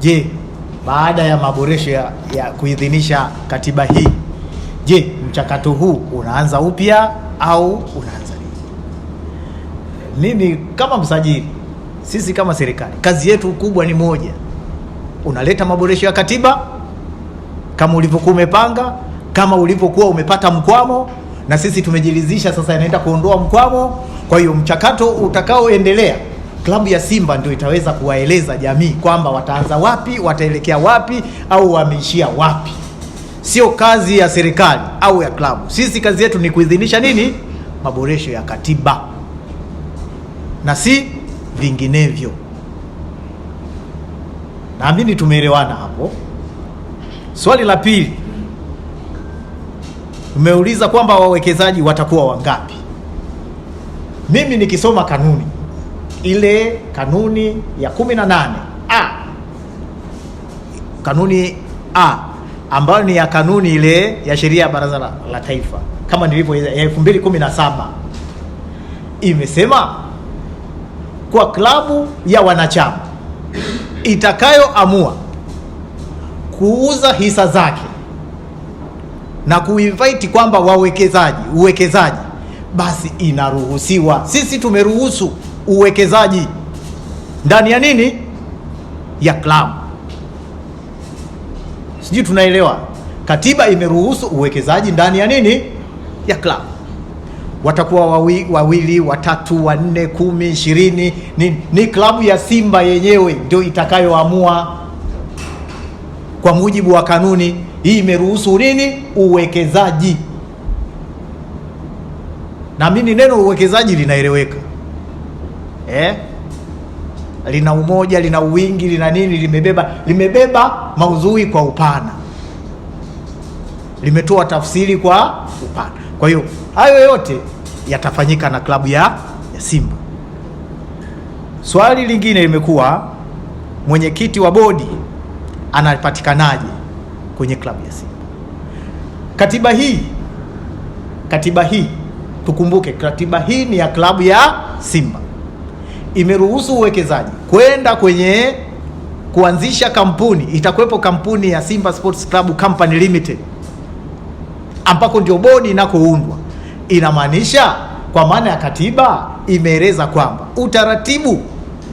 Je, baada ya maboresho ya, ya kuidhinisha katiba hii, je, mchakato huu unaanza upya au unaanza nini? Nini kama msajili, sisi kama serikali, kazi yetu kubwa ni moja, unaleta maboresho ya katiba kama ulivyokuwa umepanga, kama ulivyokuwa umepata mkwamo, na sisi tumejiridhisha sasa yanaenda kuondoa mkwamo. Kwa hiyo mchakato utakaoendelea klabu ya Simba ndio itaweza kuwaeleza jamii kwamba wataanza wapi, wataelekea wapi au wameishia wapi. Sio kazi ya serikali au ya klabu. Sisi kazi yetu ni kuidhinisha nini, maboresho ya katiba na si vinginevyo. Naamini tumeelewana hapo. Swali la pili umeuliza kwamba wawekezaji watakuwa wangapi. Mimi nikisoma kanuni ile kanuni ya 18 a kanuni a ambayo ni ya kanuni ile ya sheria ya baraza la, la taifa kama nilivyo ya 2017 imesema kwa klabu ya wanachama itakayoamua kuuza hisa zake na kuinvite kwamba wawekezaji uwekezaji, basi inaruhusiwa. Sisi tumeruhusu uwekezaji ndani ya nini, ya klabu. Sijui tunaelewa. Katiba imeruhusu uwekezaji ndani ya nini, ya klabu. Watakuwa wawi, wawili, watatu, wanne, kumi, ishirini. Ni, ni klabu ya Simba yenyewe ndio itakayoamua kwa mujibu wa kanuni hii. Imeruhusu nini, uwekezaji. na mini neno uwekezaji linaeleweka eh? lina umoja, lina uwingi, lina nini, limebeba limebeba maudhui kwa upana, limetoa tafsiri kwa upana. Kwa hiyo hayo yote yatafanyika na klabu ya, ya Simba. Swali lingine limekuwa mwenyekiti wa bodi anapatikanaje kwenye klabu ya Simba? Katiba hii katiba hii tukumbuke, katiba hii ni ya klabu ya Simba imeruhusu uwekezaji kwenda kwenye kuanzisha kampuni. Itakuwepo kampuni ya Simba Sports Club Company Limited ambako ndio bodi inakoundwa. Inamaanisha kwa maana ya katiba imeeleza kwamba utaratibu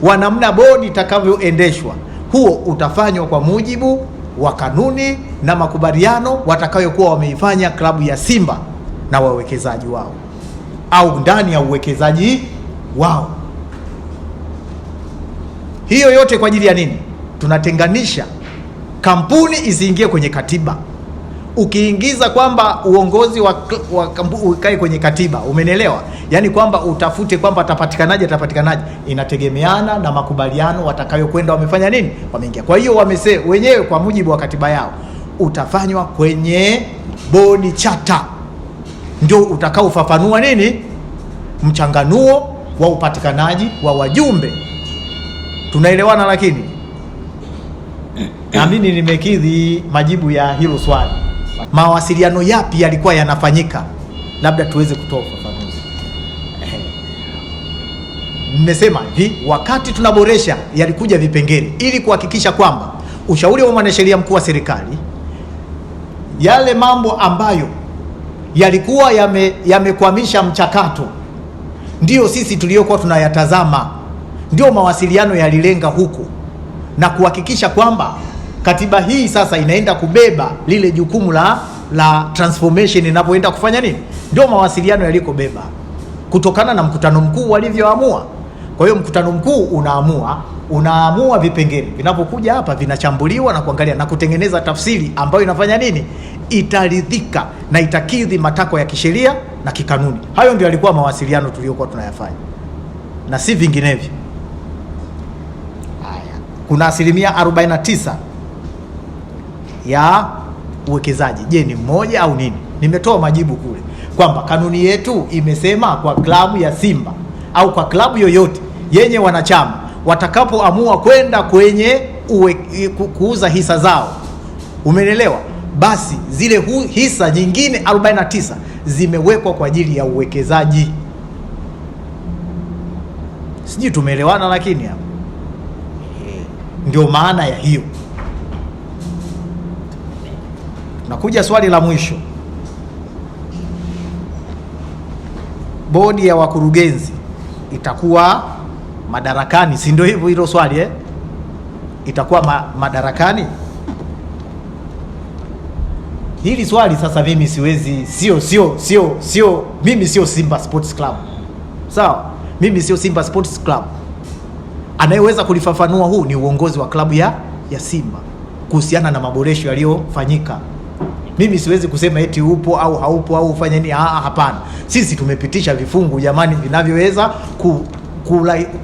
wa namna bodi itakavyoendeshwa huo utafanywa kwa mujibu wa kanuni na makubaliano watakayokuwa wameifanya klabu ya Simba na wawekezaji wao au ndani ya uwekezaji wao. Hiyo yote kwa ajili ya nini? Tunatenganisha kampuni isiingie kwenye katiba. Ukiingiza kwamba uongozi wa, wa ukae kwenye katiba, umenelewa Yaani kwamba utafute kwamba atapatikanaje, atapatikanaje, inategemeana na makubaliano watakayokwenda wamefanya nini, wameingia. Kwa hiyo wamese wenyewe kwa mujibu wa katiba yao utafanywa kwenye bodi chata, ndio utakaofafanua nini mchanganuo wa upatikanaji wa wajumbe tunaelewana, lakini eh, eh. na mimi nimekidhi majibu ya hilo swali. Mawasiliano yapi yalikuwa yanafanyika? Labda tuweze kutoa ufafanuzi. Nimesema hivi, wakati tunaboresha yalikuja vipengele ili kuhakikisha kwamba ushauri wa mwanasheria mkuu wa serikali, yale mambo ambayo yalikuwa yamekwamisha yame mchakato, ndiyo sisi tuliyokuwa tunayatazama ndio mawasiliano yalilenga huku na kuhakikisha kwamba katiba hii sasa inaenda kubeba lile jukumu la la transformation inapoenda kufanya nini. Ndio mawasiliano yalikobeba kutokana na mkutano mkuu walivyoamua. Kwa hiyo mkutano mkuu unaamua unaamua vipengele vinapokuja hapa vinachambuliwa na kuangalia na kutengeneza tafsiri ambayo inafanya nini, itaridhika na itakidhi matakwa ya kisheria na kikanuni. Hayo ndio yalikuwa mawasiliano tuliyokuwa tunayafanya na si vinginevyo kuna asilimia 49 ya uwekezaji. Je, ni mmoja au nini? Nimetoa majibu kule kwamba kanuni yetu imesema kwa klabu ya Simba au kwa klabu yoyote yenye wanachama watakapoamua kwenda kwenye uwe, kuuza hisa zao, umeelewa Basi zile hu, hisa nyingine 49 zimewekwa kwa ajili ya uwekezaji. Sijui tumeelewana, lakini hapa ndio maana ya hiyo. Nakuja swali la mwisho. Bodi ya wakurugenzi itakuwa madarakani, si ndio? Hivyo hilo swali eh? Itakuwa ma madarakani hili swali sasa. Mimi siwezi, sio sio sio sio, mimi sio Simba Sports Club, sawa? Mimi sio Simba Sports Club. Anayeweza kulifafanua huu ni uongozi wa klabu ya, ya Simba kuhusiana na maboresho yaliyofanyika. Mimi siwezi kusema eti upo au haupo au ufanye nini. Ah, hapana, sisi tumepitisha vifungu jamani, vinavyoweza ku,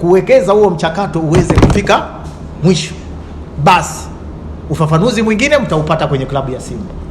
kuwekeza huo mchakato uweze kufika mwisho. Basi ufafanuzi mwingine mtaupata kwenye klabu ya Simba.